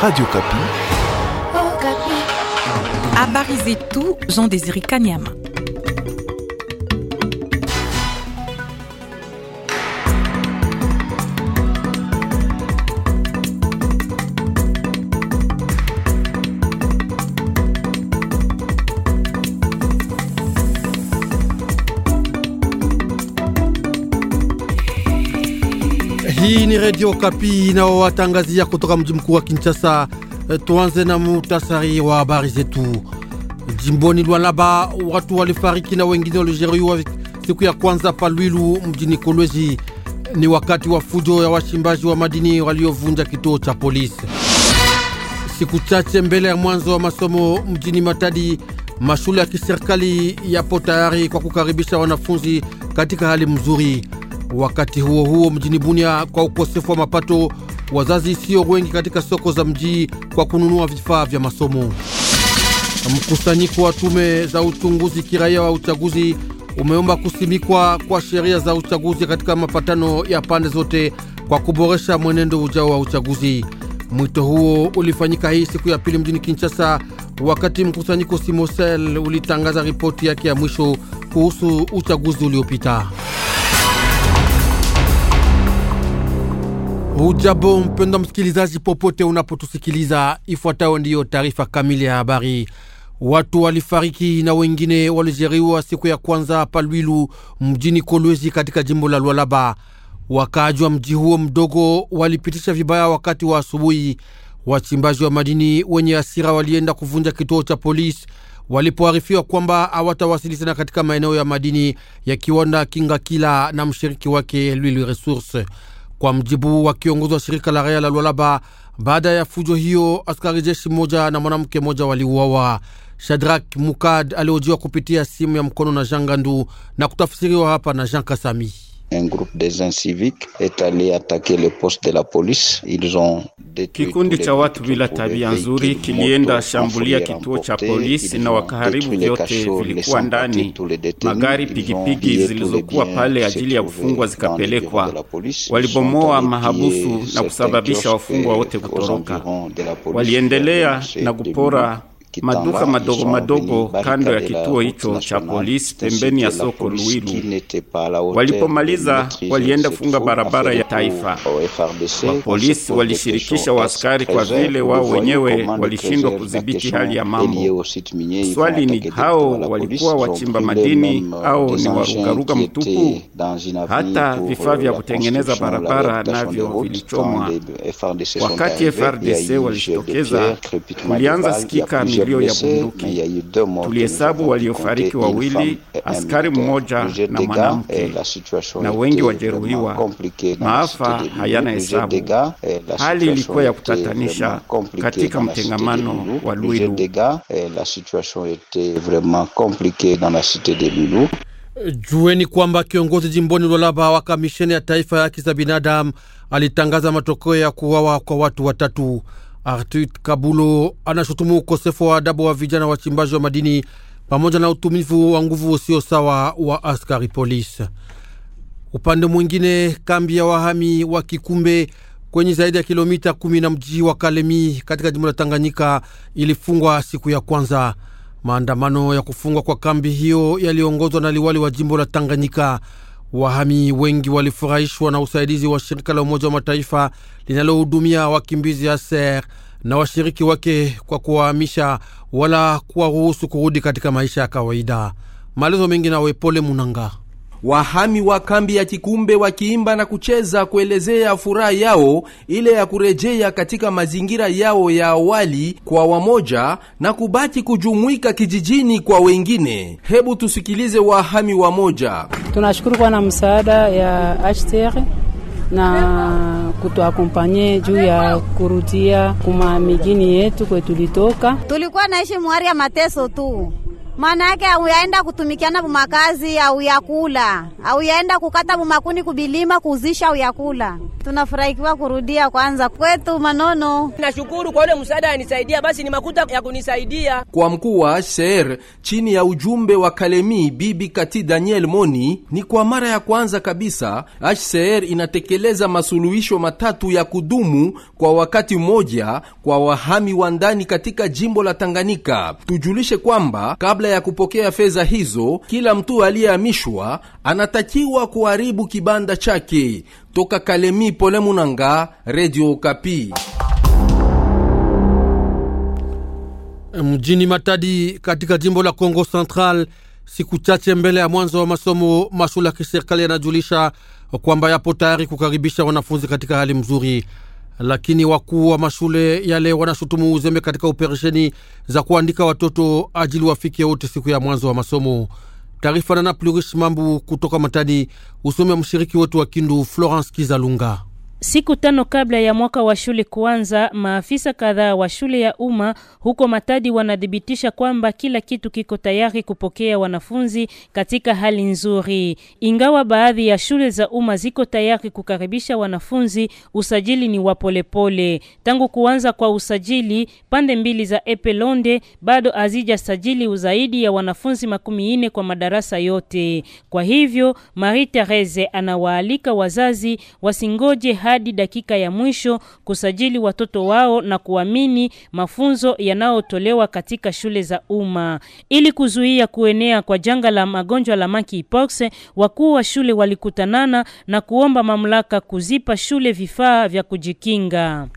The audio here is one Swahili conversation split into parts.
Radio Kapi. abariser tout, Jean-Désiré Kanyama. Hii ni redio Kapi inayowatangazia kutoka mji mkuu wa Kinshasa. Eh, tuanze na muhtasari wa habari zetu. Jimboni Lwalaba, watu walifariki na wengine walijeruhiwa siku ya kwanza Palwilu mjini Kolwezi, ni wakati wa fujo ya wachimbaji wa madini waliovunja kituo cha polisi. Siku chache mbele ya mwanzo wa masomo mjini Matadi, mashule ya kiserikali yapo tayari kwa kukaribisha wanafunzi katika hali mzuri. Wakati huo huo, mjini Bunia, kwa ukosefu wa mapato, wazazi sio wengi katika soko za mji kwa kununua vifaa vya masomo. Mkusanyiko wa tume za uchunguzi kiraia wa uchaguzi umeomba kusimikwa kwa sheria za uchaguzi katika mapatano ya pande zote kwa kuboresha mwenendo ujao wa uchaguzi. Mwito huo ulifanyika hii siku ya pili mjini Kinshasa, wakati mkusanyiko Simosel ulitangaza ripoti yake ya mwisho kuhusu uchaguzi uliopita. Ujambo mpendwa msikilizaji, popote unapotusikiliza, ifuatayo ndiyo taarifa kamili ya habari. Watu walifariki na wengine walijeriwa siku ya kwanza Palwilu mjini Kolwezi katika jimbo la Lualaba. Wakaaji wa mji huo mdogo walipitisha vibaya wakati wa asubuhi. Wachimbaji wa madini wenye hasira walienda kuvunja kituo cha polisi walipoarifiwa kwamba hawatawasili tena katika maeneo ya madini ya kiwanda Kila na mshiriki wake Lwilu Resource kwa mjibu wa kiongozi wa shirika la raia la lwalaba Baada ya fujo hiyo, askari jeshi moja na mwanamke moja waliuawa. Shadrak Mukad aliojiwa kupitia simu ya mkono na Jean Gandu na kutafsiriwa hapa na Jean Kasami. Un groupe des civiques est allé attaquer le poste de la police. Ils ont Kikundi cha watu bila tabia nzuri kilienda shambulia kituo cha polisi na wakaharibu vyote vilikuwa ndani. Magari, pikipiki zilizokuwa pale ajili ya kufungwa zikapelekwa. Walibomoa mahabusu na kusababisha wafungwa wote kutoroka. Waliendelea na kupora maduka madogo madogo kando ya kituo hicho cha polisi pembeni ya soko Luilu. Walipomaliza walienda kufunga barabara ya taifa. Wa polisi walishirikisha waaskari kwa vile wao wenyewe walishindwa kudhibiti hali ya mambo. Swali ni hao walikuwa wachimba madini euh, au ni warugaruga mtupu? Hata euh, vifaa vya kutengeneza barabara navyo vilichomwa. Wakati FRDC walishitokeza, kulianza sikika milio ya bunduki. Tulihesabu waliofariki wawili, askari mmoja na eh, mwanamke, na wengi wajeruhiwa. Maafa hayana hesabu. Eh, Hali ilikuwa ya kutatanisha katika mtengamano wa Lwilu. Eh, Jueni kwamba kiongozi jimboni Lualaba wa kamisheni ya taifa ya haki za binadamu alitangaza matokeo ya kuwawa kwa watu watatu. Artit Kabulo anashutumu ukosefu wa adabu wa vijana wachimbaji wa madini pamoja na utumivu wa nguvu usio sawa wa askari polisi. Upande mwingine, kambi ya wahami wa Kikumbe kwenye zaidi ya kilomita kumi na mji wa Kalemi katika jimbo la Tanganyika ilifungwa siku ya kwanza. Maandamano ya kufungwa kwa kambi hiyo yaliongozwa na liwali wa jimbo la Tanganyika. Wahami wengi walifurahishwa na usaidizi wa shirika la Umoja wa Mataifa linalohudumia wakimbizi ser na washiriki wake kwa kuwahamisha wala kuwaruhusu kurudi katika maisha ya kawaida. Maelezo mengi nawe Pole Munanga. Wahami wa kambi ya Kikumbe wakiimba na kucheza kuelezea furaha yao ile ya kurejea katika mazingira yao ya awali kwa wamoja na kubaki kujumuika kijijini kwa wengine. Hebu tusikilize wahami wamoja. Tunashukuru kwa na msaada ya HTR na kutuakompanye juu ya kurudia kuma migini yetu kwetulitoka Tulikuwa naishi mwari ya mateso tu maana yake auyaenda kutumikiana bumakazi au yakula au yaenda kukata bumakuni kubilima kuuzisha au Tunafurahikiwa kurudia kwanza kwetu Manono. Nashukuru kwa ule msaada yanisaidia, basi ni makuta ya kunisaidia kwa mkuu wa HCR chini ya ujumbe wa Kalemi. Bibi Kati Daniel Moni, ni kwa mara ya kwanza kabisa HCR inatekeleza masuluhisho matatu ya kudumu kwa wakati mmoja kwa wahami wa ndani katika jimbo la Tanganyika. Tujulishe kwamba kabla baada ya kupokea fedha hizo, kila mtu aliyehamishwa anatakiwa kuharibu kibanda chake. Toka Kalemi, Pole Munanga, redio Kapi. Mjini Matadi katika jimbo la congo Central, siku chache mbele ya mwanzo wa masomo, mashule ya kiserikali yanajulisha kwamba yapo tayari kukaribisha wanafunzi katika hali mzuri lakini wakuu wa mashule yale wanashutumu uzembe katika operesheni za kuandika watoto ajili wafike wote siku ya mwanzo wa masomo. Taarifa na Plurish Mambu kutoka Matadi, usome mshiriki wetu wa Kindu Florence Kizalunga. Siku tano kabla ya mwaka wa shule kuanza, maafisa kadhaa wa shule ya umma huko Matadi wanathibitisha kwamba kila kitu kiko tayari kupokea wanafunzi katika hali nzuri. Ingawa baadhi ya shule za umma ziko tayari kukaribisha wanafunzi, usajili ni wa polepole. Tangu kuanza kwa usajili, pande mbili za Epelonde bado hazijasajili zaidi ya wanafunzi makumi nne kwa madarasa yote. Kwa hivyo, Marie Therese anawaalika wazazi wasingoje hadi dakika ya mwisho kusajili watoto wao na kuamini mafunzo yanayotolewa katika shule za umma. Ili kuzuia kuenea kwa janga la magonjwa la monkeypox, wakuu wa shule walikutanana na kuomba mamlaka kuzipa shule vifaa vya kujikinga.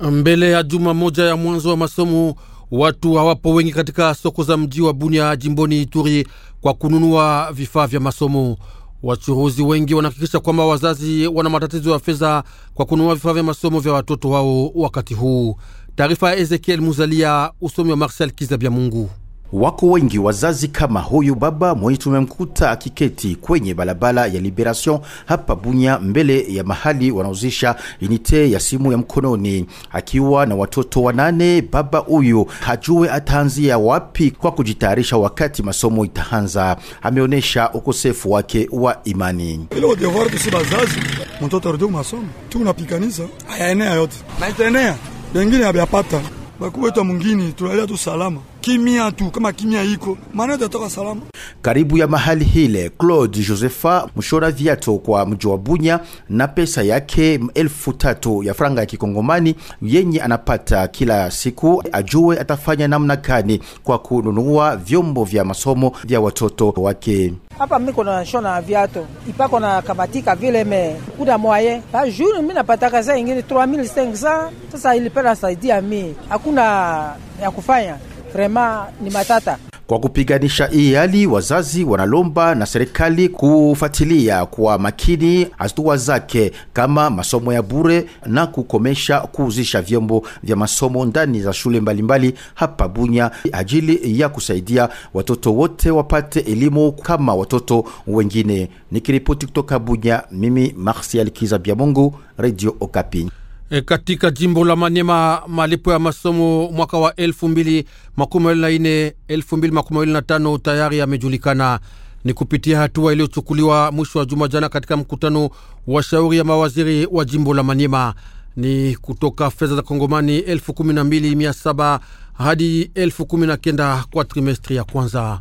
Mbele ya juma moja ya mwanzo wa masomo, watu hawapo wengi katika soko za mji wa Bunia jimboni Ituri kwa kununua vifaa vya masomo. Wachuruzi wengi wanahakikisha kwamba wazazi wana matatizo ya fedha kwa kununua vifaa vya masomo vya watoto wao wakati huu. Taarifa ya Ezekiel Muzalia, usomi wa Marcel Kizabya Mungu. Wako wengi wazazi kama huyu baba mwenye tumemkuta akiketi kwenye barabara ya Liberation hapa Bunya, mbele ya mahali wanauzisha inite ya simu ya mkononi, akiwa na watoto wanane. Baba huyu hajue ataanzia wapi kwa kujitayarisha wakati masomo itaanza. Ameonyesha ukosefu wake wa imani. Ile devoir tusi bazazi, mtoto arudi masomo, yote na itaenea, bengine abyapata mwingine, tunalia tu salama kimia tu, kama kimia iko maana utatoka salama. Karibu ya mahali hile, Claude Josepha mshona viato kwa mji wa Bunya na pesa yake elfu tatu ya franga ya kikongomani yenye anapata kila siku, ajue atafanya namna gani kwa kununua vyombo vya masomo vya watoto wake. Hapa mimi kuna shona viato ipako na kamatika vile me kuna moye pa jour mimi napata kaza ingine 3500 sasa ilipenda saidia mimi hakuna ya kufanya vrema ni matata. Kwa kupiganisha hii hali, wazazi wanalomba na serikali kufuatilia kwa makini hatua zake kama masomo ya bure na kukomesha kuuzisha vyombo vya masomo ndani za shule mbalimbali mbali hapa Bunya, ajili ya kusaidia watoto wote wapate elimu kama watoto wengine. Nikiripoti kutoka Bunya, mimi Marsial Kiza Byamungu, Radio Okapi. E, katika jimbo la Manyema malipo ya masomo mwaka wa 2024 2025 tayari yamejulikana ni kupitia hatua iliyochukuliwa mwisho wa juma jana katika mkutano wa shauri ya mawaziri wa jimbo la Manyema. Ni kutoka fedha za kongomani 12700 hadi 19000 kwa trimestri ya kwanza.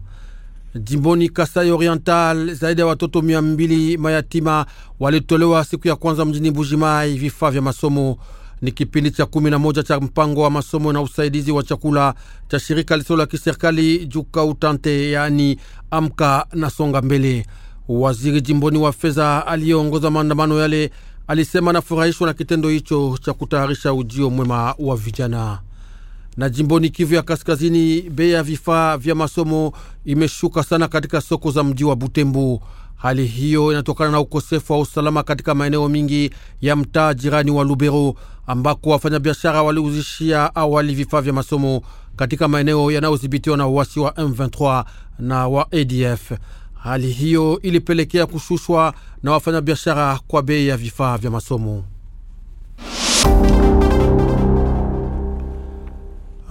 Jimboni Kasai Oriental, zaidi ya watoto mia mbili mayatima walitolewa siku ya kwanza mjini Mbujimai vifaa vya masomo. Ni kipindi cha kumi na moja cha mpango wa masomo na usaidizi wa chakula cha shirika lisilo la kiserikali Juka Utante, yaani Amka na Songa Mbele. Waziri jimboni wa fedha aliyeongoza maandamano yale alisema anafurahishwa na kitendo hicho cha kutayarisha ujio mwema wa vijana. Na jimboni Kivu ya Kaskazini, bei ya vifaa vya masomo imeshuka sana katika soko za mji wa Butembo. Hali hiyo inatokana na ukosefu wa usalama katika maeneo mingi ya mtaa jirani wa Lubero, ambako wafanyabiashara waliuzishia awali vifaa vya masomo katika maeneo yanayodhibitiwa na uasi wa M23 na wa ADF. Hali hiyo ilipelekea kushushwa na wafanyabiashara kwa bei ya vifaa vya masomo.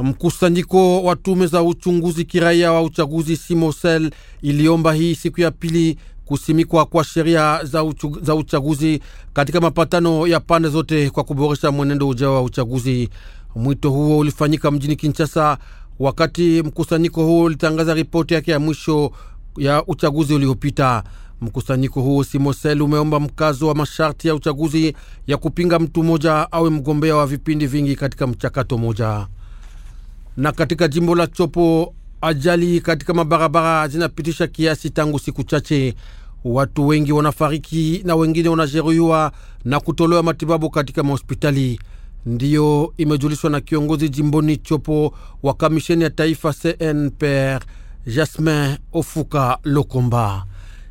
Mkusanyiko wa tume za uchunguzi kiraia wa uchaguzi Simosel iliomba hii siku ya pili kusimikwa kwa sheria za, za uchaguzi katika mapatano ya pande zote kwa kuboresha mwenendo ujao wa uchaguzi. Mwito huo ulifanyika mjini Kinshasa wakati mkusanyiko huo ulitangaza ripoti yake ya mwisho ya uchaguzi uliopita. Mkusanyiko huo Simosel umeomba mkazo wa masharti ya uchaguzi ya kupinga mtu mmoja awe mgombea wa vipindi vingi katika mchakato mmoja na katika jimbo la Chopo ajali katika mabarabara zinapitisha kiasi tangu siku chache. Watu wengi wanafariki na wengine wanajeruhiwa na kutolewa matibabu katika mahospitali. Ndiyo imejulishwa na kiongozi jimboni Chopo wa kamisheni ya taifa CNPR Jasmin Ofuka Lokomba.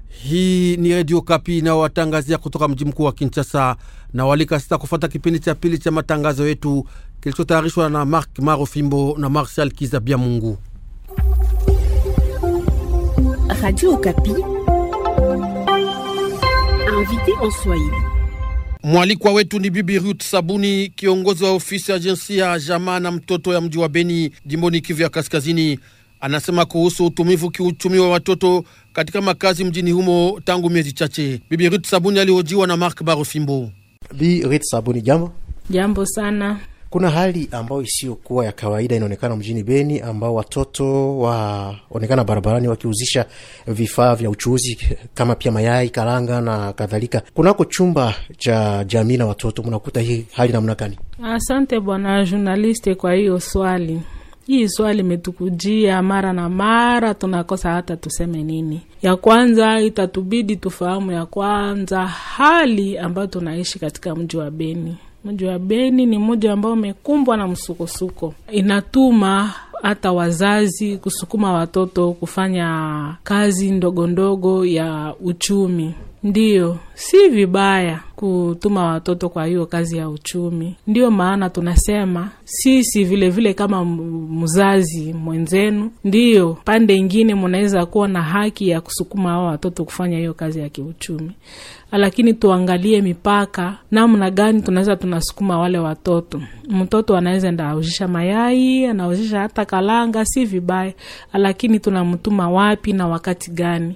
Hii ni Redio Kapi inayowatangazia kutoka mji mkuu wa Kinshasa na walika sita kufuata kipindi cha pili cha matangazo yetu kilichotayarishwa na Mark Maro Fimbo na Marshal Kizabia Mungu. Mwalikwa wetu ni Bibi Ruth Sabuni, kiongozi wa ofisi ya jinsia ya jamaa na mtoto ya mji wa Beni, jimboni Kivu ya Kaskazini. Anasema kuhusu utumivu kiuchumi wa watoto katika makazi mjini humo tangu miezi chache. Bibi Ruth Sabuni alihojiwa na Mark Barofimbo. Bi Ruth Sabuni, jambo. Jambo sana. Kuna hali ambayo isiyokuwa ya kawaida inaonekana mjini Beni, ambao watoto waonekana barabarani wakiuzisha vifaa vya uchuuzi kama pia mayai, karanga na kadhalika. Kunako chumba cha jamii na watoto, mnakuta hii hali namna gani? Asante bwana journaliste kwa hiyo swali. Hii swali imetukujia mara na mara, tunakosa hata tuseme nini. Ya kwanza itatubidi tufahamu ya kwanza hali ambayo tunaishi katika mji wa Beni Mji wa Beni ni mmoja ambao umekumbwa na msukosuko, inatuma hata wazazi kusukuma watoto kufanya kazi ndogondogo ndogo ya uchumi. Ndiyo, si vibaya kutuma watoto kwa hiyo kazi ya uchumi. Ndiyo maana tunasema sisi vilevile vile kama mzazi mwenzenu, ndiyo pande ingine munaweza kuwa na haki ya kusukuma hao watoto kufanya hiyo kazi ya kiuchumi, lakini tuangalie mipaka, namna gani tunaweza tunasukuma wale watoto. Mtoto anaweza enda auzisha mayai, anauzisha hata kalanga, si vibaya, lakini tunamtuma wapi na wakati gani?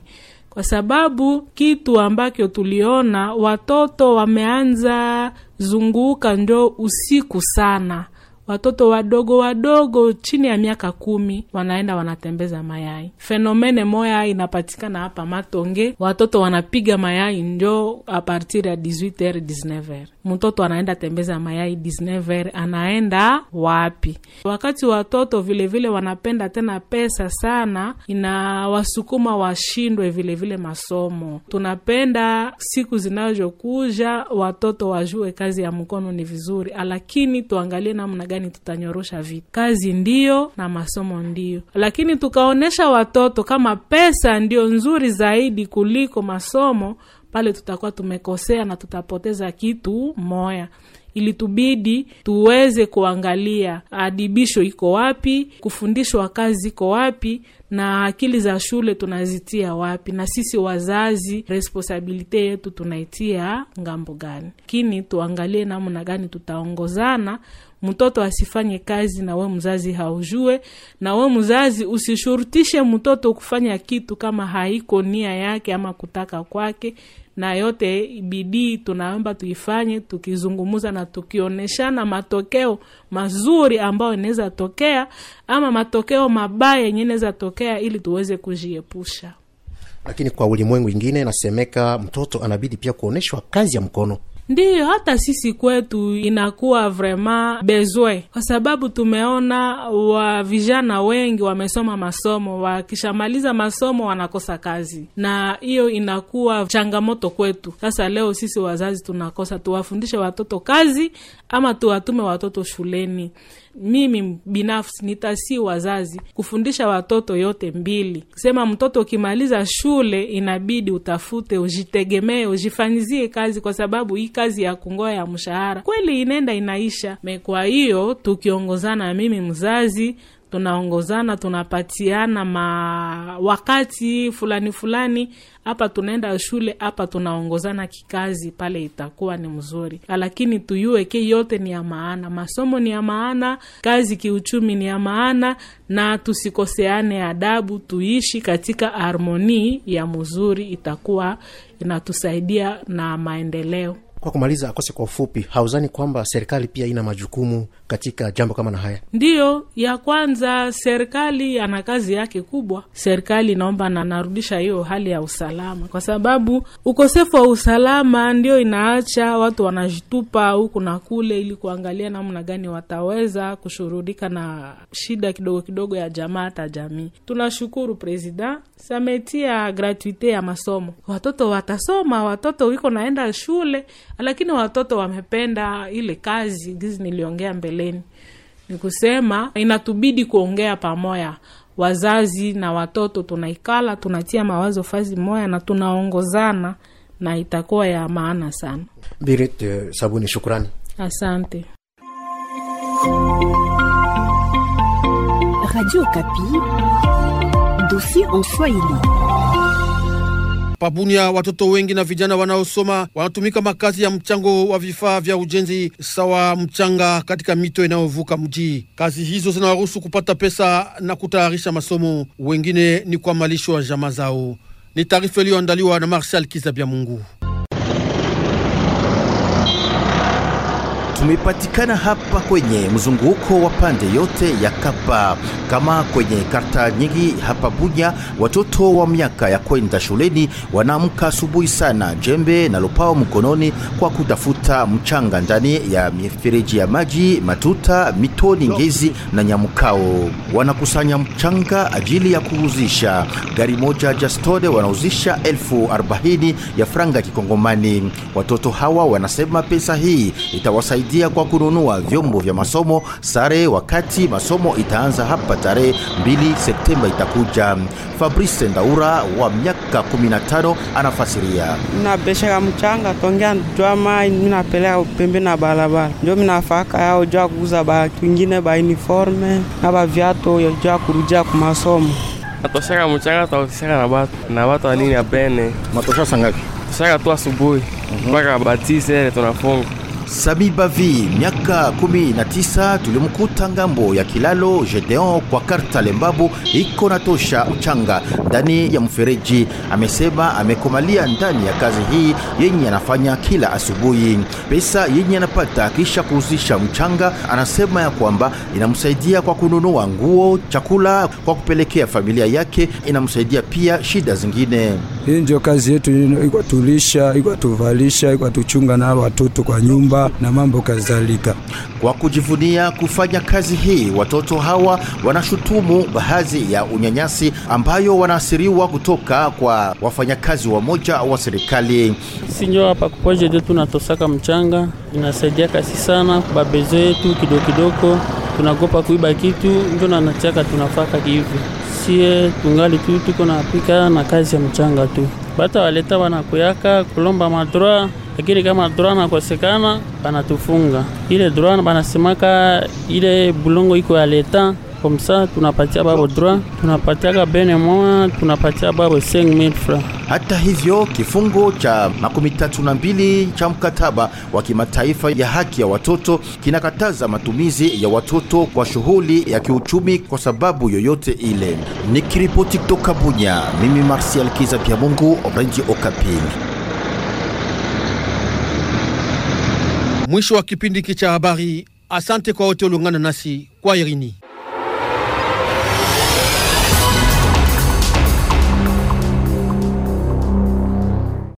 kwa sababu kitu ambacho tuliona watoto wameanza zunguka njo usiku sana watoto wadogo wadogo chini ya miaka kumi wanaenda wanatembeza mayai. Fenomene moya inapatikana hapa Matonge, watoto wanapiga mayai njo apartir ya 18h 19h. Mtoto anaenda tembeza mayai 19h, anaenda wapi? Wakati watoto vilevile vile wanapenda tena pesa sana, inawasukuma washindwe vilevile masomo. Tunapenda siku zinazokuja watoto wajue kazi ya mkono ni vizuri, lakini tuangalie namna gani gani tutanyorosha vitu. Kazi ndiyo na masomo ndiyo, lakini tukaonesha watoto kama pesa ndio nzuri zaidi kuliko masomo, pale tutakuwa tumekosea na tutapoteza kitu moya. Ilitubidi tuweze kuangalia adibisho iko wapi, kufundishwa kazi iko wapi, na akili za shule tunazitia wapi, na sisi wazazi responsabilite yetu tunaitia ngambo gani? Lakini tuangalie namna gani tutaongozana mtoto asifanye kazi na we mzazi haujue, na we mzazi usishurutishe mtoto kufanya kitu kama haiko nia yake ama kutaka kwake. Na yote bidii tunaomba tuifanye tukizungumuza na tukioneshana matokeo mazuri ambayo inaweza tokea ama matokeo mabaya yenye inaweza tokea, ili tuweze kujiepusha. Lakini kwa ulimwengu ingine, nasemeka mtoto anabidi pia kuoneshwa kazi ya mkono Ndiyo, hata sisi kwetu inakuwa vrema bezwe, kwa sababu tumeona wa vijana wengi wamesoma masomo, wakishamaliza masomo wanakosa kazi, na hiyo inakuwa changamoto kwetu. Sasa leo sisi wazazi tunakosa tuwafundishe watoto kazi ama tuwatume watoto shuleni. Mimi binafsi nitasi wazazi kufundisha watoto yote mbili, sema mtoto ukimaliza shule inabidi utafute, ujitegemee, ujifanyizie kazi, kwa sababu hii kazi ya kungoa ya mshahara kweli inaenda inaisha. Me, kwa hiyo tukiongozana, mimi mzazi tunaongozana tunapatiana ma wakati fulani fulani, hapa tunaenda shule, hapa tunaongozana kikazi, pale itakuwa ni mzuri. Lakini tuyueke yote ni ya maana, masomo ni ya maana, kazi kiuchumi ni ya maana, na tusikoseane adabu, tuishi katika harmoni ya mzuri, itakuwa inatusaidia na maendeleo. Kwa kumaliza akose kwa ufupi, hauzani kwamba serikali pia ina majukumu katika jambo kama na haya? Ndiyo, ya kwanza serikali ana kazi yake kubwa. Serikali inaomba na narudisha hiyo hali ya usalama, kwa sababu ukosefu wa usalama ndio inaacha watu wanajitupa huku na kule, ili kuangalia namna gani wataweza kushurudika na shida kidogo kidogo ya jamaa hata jamii. Tunashukuru Prezida sametia gratuite ya masomo, watoto watasoma, watoto wiko naenda shule lakini watoto wamependa ile kazi gizi niliongea mbeleni, ni kusema inatubidi kuongea pamoya wazazi na watoto tunaikala, tunatia mawazo fazi moya na tunaongozana, na itakuwa ya maana sana. Birit Sabuni, shukrani, asante. Radio Kapi, dossier en Swahili. Pabunia watoto wengi na vijana wanaosoma wanatumika makazi ya mchango wa vifaa vya ujenzi sawa mchanga katika mito inayovuka mji. Kazi hizo zinawaruhusu kupata pesa na kutayarisha masomo, wengine ni kwa malisho ya jamaa zao. Ni taarifa iliyoandaliwa na Marshal Kizabya Mungu. tumepatikana hapa kwenye mzunguko wa pande yote ya Kapa, kama kwenye karta nyingi hapa Bunya. Watoto wa miaka ya kwenda shuleni wanaamka asubuhi sana, jembe na lopao mkononi, kwa kutafuta mchanga ndani ya mifereji ya maji matuta, mitoni, ngezi na nyamukao. Wanakusanya mchanga ajili ya kuuzisha. Gari moja Jastode wanauzisha elfu arobaini ya franga kikongomani. Watoto hawa wanasema pesa hii itawasaidia kusaidia kwa kununua vyombo vya masomo, sare, wakati masomo itaanza hapa tarehe 2 Septemba itakuja. Fabrice Ndaura wa miaka 15 anafasiria. Minapeshaka mchanga tongea jwa mai minapeleka pembe na barabara njo minafaka yao jua kuuza batu ingine na ba jua kurujia ku masomo Natoshaka mchanga tausaka na batu na batu anini apene matosha sangapi? Toshaka tu asubuhi mhm. mpaka batisele tunafunga Sami Bavi miaka 19 tulimkuta ngambo ya kilalo Gedeon kwa karta lembabu iko na tosha uchanga ndani ya mfereji. Amesema amekomalia ndani ya kazi hii yenye anafanya kila asubuhi. Pesa yenye anapata kisha kuuzisha mchanga, anasema ya kwamba inamsaidia kwa kununua nguo, chakula kwa kupelekea familia yake, inamsaidia pia shida zingine. Hii ndio kazi yetu, ikwatulisha, ikwatuvalisha, ikwatuchunga na watoto kwa nyumba hewa na mambo kadhalika. Kwa kujivunia kufanya kazi hii, watoto hawa wanashutumu baadhi ya unyanyasi ambayo wanaathiriwa kutoka kwa wafanyakazi wamoja wa serikali. Sinjo hapa kupoje ndio tunatosaka mchanga inasaidia kasi sana babezo yetu kidogo kidogo, tunagopa kuiba kitu njo nanachaka tunafaka hivi sie tungali tu tuko napika na kazi ya mchanga tu, bata waleta wanakuyaka kulomba madroa lakini kama droa nakosekana banatufunga ile droa, banasemaka ile bulongo iko ya leta komsa. Tunapatia babo droa, tunapatiaka bene moya, tunapatia babo 5000 francs hata hivyo, kifungu cha makumi tatu na mbili cha mkataba wa kimataifa ya haki ya watoto kinakataza matumizi ya watoto kwa shughuli ya kiuchumi kwa sababu yoyote ile. Nikiripoti kutoka Bunya, mimi Marsial Kiza pia Mungu, Orange Okapi. Mwisho wa kipindi hiki cha habari. Asante kwa wote uliungana nasi kwa Irini.